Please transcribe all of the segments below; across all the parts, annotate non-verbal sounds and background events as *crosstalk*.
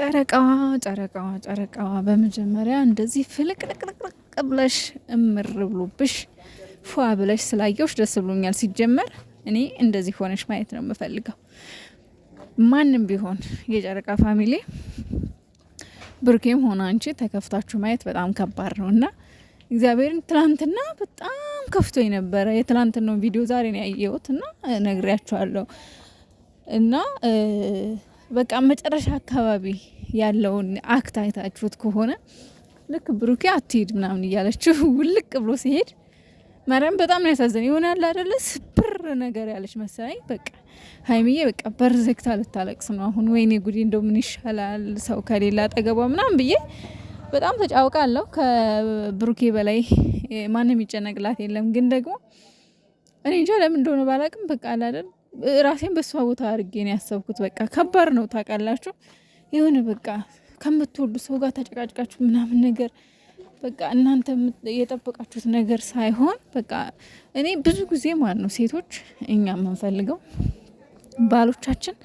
ጨረቃዋ ጨረቃዋ ጨረቃዋ በመጀመሪያ እንደዚህ ፍልቅልቅልቅልቅ ብለሽ እምር ብሎብሽ ፏ ብለሽ ስላየውሽ ደስ ብሎኛል። ሲጀመር እኔ እንደዚህ ሆነሽ ማየት ነው የምፈልገው። ማንም ቢሆን የጨረቃ ፋሚሊ ብሩኬም ሆነ አንቺ ተከፍታችሁ ማየት በጣም ከባድ ነው እና እግዚአብሔርን ትላንትና በጣም ከፍቶ የነበረ የትላንትናው ቪዲዮ ዛሬ ነው ያየሁት እና ነግሬያችኋለሁ እና በቃ መጨረሻ አካባቢ ያለውን አክት አይታችሁት ከሆነ ልክ ብሩኬ አትሄድ ምናምን እያለችው *laughs* ውልቅ ብሎ ሲሄድ ማርያም በጣም ነው ያሳዘን። የሆነ ያለ አይደለ ስብር ነገር ያለች መሰለኝ። በቃ ሀይሚዬ በቃ በርዘግታ ልታለቅስ ነው አሁን። ወይኔ ጉዴ፣ እንደው ምን ይሻላል ሰው ከሌላ አጠገቧ ምናምን ብዬ በጣም ተጫውቃለሁ። ከብሩኬ በላይ ማንም ይጨነቅላት የለም። ግን ደግሞ እኔ እንጃ ለምን እንደሆነ ባላቅም በቃ አላደል ራሴን በእሷ ቦታ አድርጌ ነው ያሰብኩት። በቃ ከባድ ነው ታውቃላችሁ። የሆነ በቃ ከምትወዱ ሰው ጋር ተጨቃጭቃችሁ ምናምን ነገር በቃ እናንተ የጠበቃችሁት ነገር ሳይሆን በቃ እኔ ብዙ ጊዜ ማለት ነው ሴቶች እኛ የምንፈልገው ባሎቻችን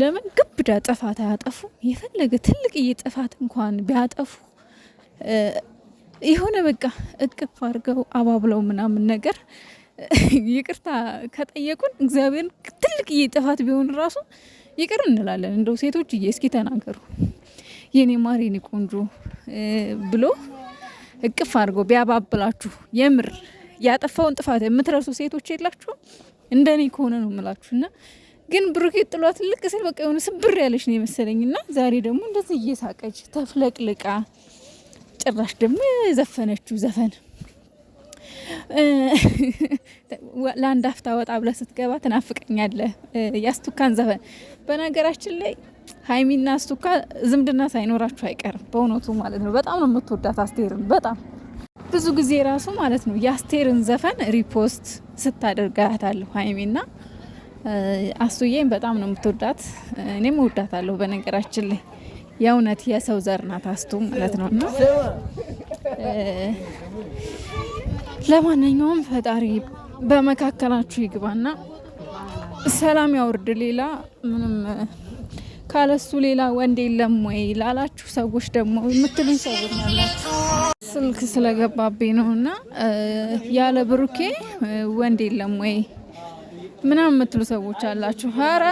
ለምን ግብዳ ጥፋት አያጠፉ የፈለገ ትልቅዬ ጥፋት እንኳን ቢያጠፉ የሆነ በቃ እቅፍ አድርገው አባብለው ምናምን ነገር ይቅርታ ከጠየቁን እግዚአብሔር ትልቅ ጥፋት ቢሆን ራሱ ይቅር እንላለን። እንደው ሴቶች ሴቶችዬ እስኪ ተናገሩ የኔ ማር የኔ ቆንጆ ብሎ እቅፍ አድርጎ ቢያባብላችሁ የምር ያጠፋውን ጥፋት የምትረሱ ሴቶች የላችሁ? እንደኔ ከሆነ ነው ምላችሁ። የምላችሁና ግን ብሩኬት ጥሏት ልቅ ስል በቃ የሆነ ስብር ያለች ነው የመሰለኝ እና ዛሬ ደግሞ እንደዚህ እየሳቀች ተፍለቅልቃ ጭራሽ ደግሞ የዘፈነችው ዘፈን *laughs* ለአንድ አፍታ ወጣ ብለህ ስትገባ ትናፍቀኛለ የአስቱካን ዘፈን በነገራችን ላይ ሀይሚና አስቱካ ዝምድና ሳይኖራችሁ አይቀርም በእውነቱ ማለት ነው። በጣም ነው የምትወዳት አስቴርን በጣም ብዙ ጊዜ ራሱ ማለት ነው የአስቴርን ዘፈን ሪፖስት ስታደርጋታለሁ ሀይሚና አስቱዬን በጣም ነው የምትወዳት። እኔም እወዳታለሁ በነገራችን ላይ የእውነት የሰው ዘር ናት አስቱ ማለት ነው እና ለማንኛውም ፈጣሪ በመካከላችሁ ይግባና ሰላም ያውርድ። ሌላ ምንም ካለሱ ሌላ ወንድ የለም ወይ ላላችሁ ሰዎች ደግሞ የምትሉኝ ሰዎች ስልክ ስለገባብኝ ነው እና ያለ ብሩኬ ወንድ የለም ወይ ምናምን የምትሉ ሰዎች አላችሁ። ኧረ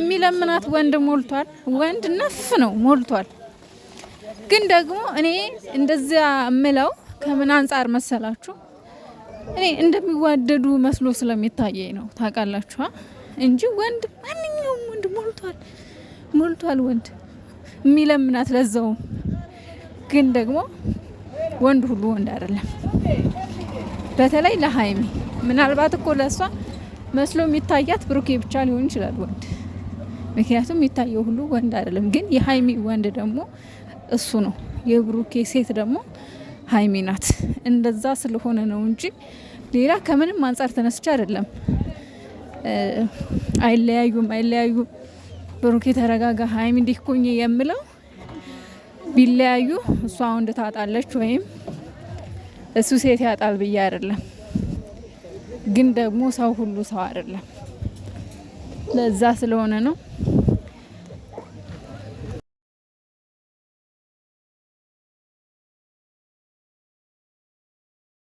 የሚለምናት ወንድ ሞልቷል። ወንድ ነፍ ነው ሞልቷል። ግን ደግሞ እኔ እንደዚያ ምለው ከምን አንጻር መሰላችሁ? እኔ እንደሚዋደዱ መስሎ ስለሚታየኝ ነው ታውቃላችኋ፣ እንጂ ወንድ ማንኛውም ወንድ ሞልቷል ሞልቷል ወንድ የሚለምናት ለዛውም። ግን ደግሞ ወንድ ሁሉ ወንድ አይደለም። በተለይ ለሀይሚ ምናልባት እኮ ለእሷ መስሎ የሚታያት ብሩኬ ብቻ ሊሆን ይችላል ወንድ። ምክንያቱም የሚታየው ሁሉ ወንድ አይደለም። ግን የሀይሚ ወንድ ደግሞ እሱ ነው። የብሩኬ ሴት ደግሞ ሀይሚ ናት። እንደዛ ስለሆነ ነው እንጂ ሌላ ከምንም አንጻር ተነስቼ አይደለም። አይለያዩም አይለያዩም፣ ብሩኬ ተረጋጋ፣ ሀይሚ እንዲህ ኮኝ የምለው ቢለያዩ እሷ ወንድ ታጣለች ወይም እሱ ሴት ያጣል ብዬ አይደለም። ግን ደግሞ ሰው ሁሉ ሰው አይደለም። ለዛ ስለሆነ ነው